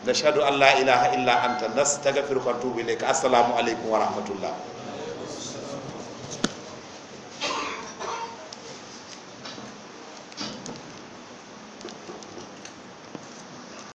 nashhadu an la ilaha illa anta nastaghfiruka wa atubu ilayka assalamu alaikum wa rahmatullah